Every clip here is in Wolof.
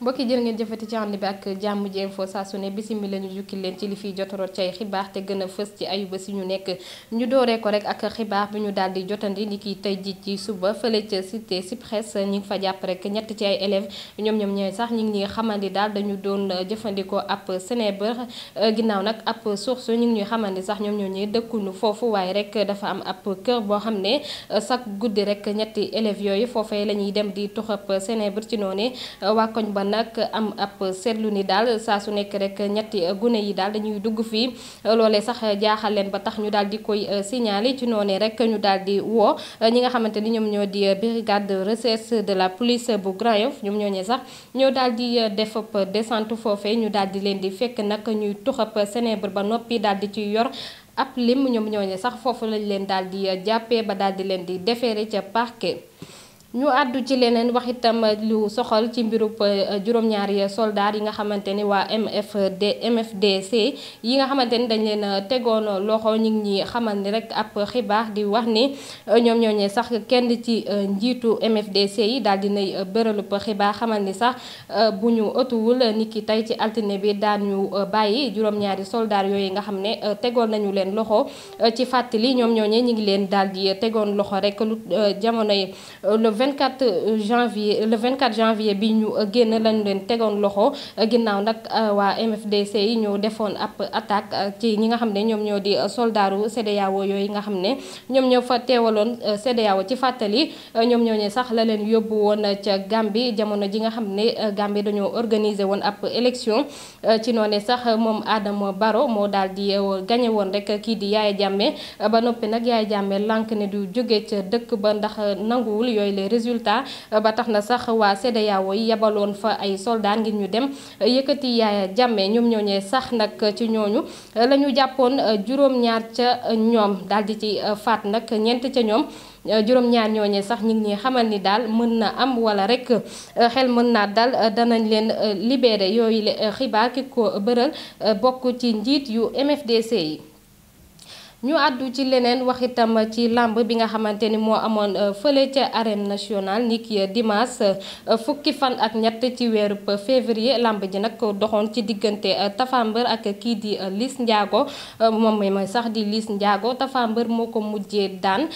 mbokki jërë ngeen jëfati ci ànd bi ak jàmm ji info saa su ne bisimi la ñu jukki leen ci li fiy jotoroot ci ay xibaar te gën a fës ci ayuba ñu nekk ñu dooree ko rek ak xibaar bi ñu daal di jotandi ni ki tey ji ci suba fële ca cité Cyprès ñi ngi fa jàpp rek ñett ci ay élèves ñoom ñoom ñooy sax ñi ngi ñuy xamandi daal dañu doon jëfandikoo ab Sénébar euh, ginnaaw nag ab source ñi ngi ñuy xamandi sax ñoom ñoo ñuy dëkkunu foofu waaye rek dafa am ab kër boo xam ne euh, chaque guddi rek ñetti élèves yooyu foofee la ñuy dem di tuxab Sénébar ci noone euh, waa ba nag am ab seetlu ni daal saa su nekk rek ñetti gune yi daal dañuy dugg fii loole sax jaaxal leen ba tax ñu daal di koy euh, signaler ci noonee rek ñu daal di woo euh, ñi nga xamante ni ñoom ñoo di euh, brigade de recherche de la police bu Grand ñoom ñoo sax ñoo daal di def ab descente ñu daal di leen di fekk nag ñuy tux ab senebre ba noppi daal di ci yor ab lim ñoom ñoo ñee sax foofu lañ leen daal di jàppee ba daal di leen di defeere ca parquet ñu àddu ci leneen wax itam lu soxal ci mbirub euh, juróom-ñaari soldaar yi nga xamante ni waa MFD MFDC yi nga xamante ni dañ leen euh, tegoon loxo ñu ñi xamal ni rek ab xibaar di wax ni euh, ñoom ñooñee sax kenn ci njiitu MFDC yi daal dinay bëralub xibaar xamal ni sax bu ñu ëttuwul ki tey ci altine bi ñu bàyyi juróom-ñaari soldat yooyu nga xam ne tegoon nañu leen loxo ci fàttali ñoom ñooñee ñu ngi leen daal di tegoon loxo rek lu yi 24 euh, janvier le 24 janvier bi ñu euh, génn lañu leen tegoon loxo euh, ginnaaw nag waa MFDC yi ñoo defoon ab attaque ci ñi nga xam ne ñoom ñoo di soldaaru CEDEAO yooyu nga xam ne ñoom ñoo fa teewaloon CEDEAO ci fàttali ñoom ñoo ne sax la leen yóbbu woon ca Gambie jamono ji nga xam ne Gambie dañoo organiser woon ab élection ci noonu sax moom Adama Barrow moo daal di gagné woon rek kii di yaay jàmme ba noppi nag yaay Jammeh lànk ne du jóge ca dëkk ba ndax nanguwul yooyu résultat ba tax na sax waa CEDEAO yi yebaloon fa ay soldaar ngir ñu dem eh, yëkkati Yaya jàmme ñoom ñooñee sax nag eh, ci ñooñu eh, la ñu jàppoon juróom-ñaar ca ñoom daal ci faat nag ñeent ca ñoom juróom-ñaar ñooñee sax ñu ngi xamal ni daal mën na am wala rek xel mën naa dal danañ leen libéré yooyu xibaar ki ko bëral bokk ci njiit yu MFDC yi ñu àddu ci leneen wax itam ci làmb bi nga xamante ni moo amoon euh, fële ca arène national ni ki euh, dimanche euh, fukki fan ak ñett ci weeru février làmb ji nag doxoon ci diggante Tapha ak kii di Liss njaago moom mooy sax di Liss njaago Tapha moo ko mujjee daan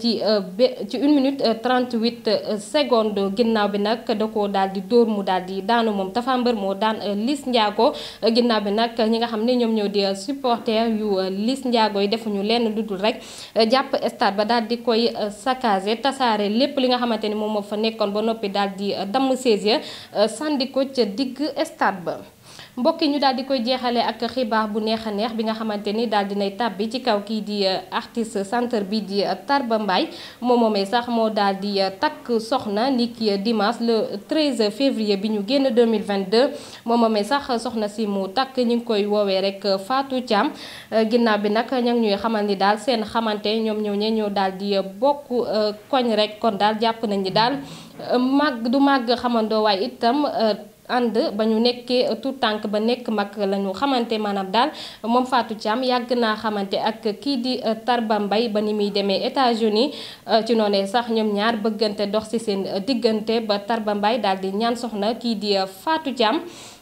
ci ci une minute trente-huit secondes ginnaaw bi nag da ko daal di dóor mu daal di daanu moom Tapha moo daan liis njaago ginnaaw bi nag ñi nga xam ne ñoom ñoo di supporter yu Liss njaago yi def ñu lenn lu dul rek eh, jàpp stade ba daal di koy eh, saccagé tasaare lépp li nga xamante ni moom moo fa nekkoon ba noppi daal di eh, damm saisi sànni ko ca digg stade ba. mbokk yi ñu daal di koy jeexale ak xibaar bu neex a neex bi nga xamante ni daal di nay tàbbi ci kaw kii di euh, artiste centre bi di euh, Tarba mbaay moom moomee sax moo daal di euh, takk soxna ni ki dimanche le 13 février bi ñu génn 2022 moom moomee sax soxna si mu takk ñu ngi koy woowee rek Fatou Thiam ginnaaw bi nag ña ngi ñuy xamal ni daal seen xamante ñoom ñëw ñe ñëw daal di bokk koñ rek kon daal jàpp nañ ni daal màgg du màgg xamandoo waaye itam ànd ba ñu nekkee tout tànk ba nekk mag la xamante maanaam daal moom Fatou Thiam yàgg naa xamante ak kii di euh, Tarba Mbaye ba ni muy demee États-Unis euh, ci noonee sax ñoom ñaar bëggante dox ci seen euh, diggante ba Tarba Mbaye daal di ñaan soxna kii di Fatou Thiam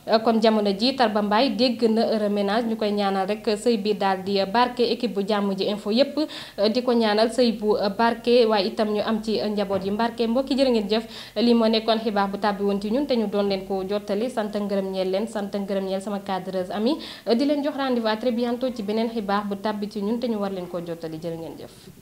Euh, kon jamono ji Tarba Mbaye dégg na heure ménage ñu koy ñaanal rek sëy bi daal di barke équipe bu jàmm ji info yépp euh, di ko ñaanal sëy bu barke waaye itam ñu am ci njaboot yi mbarke mbokki jërë ngeen jëf lii moo nekkoon xibaar bu tàbbi woon ci ñun te ñu doon leen ko jottali sant ngërëm ñeel leen sant ngërëm ñeel sama cadreuse ami euh, di leen jox rendez-vous ci beneen xibaax bu tàbbi ci ñun te ñu war leen ko jottali jërë ngeen jëf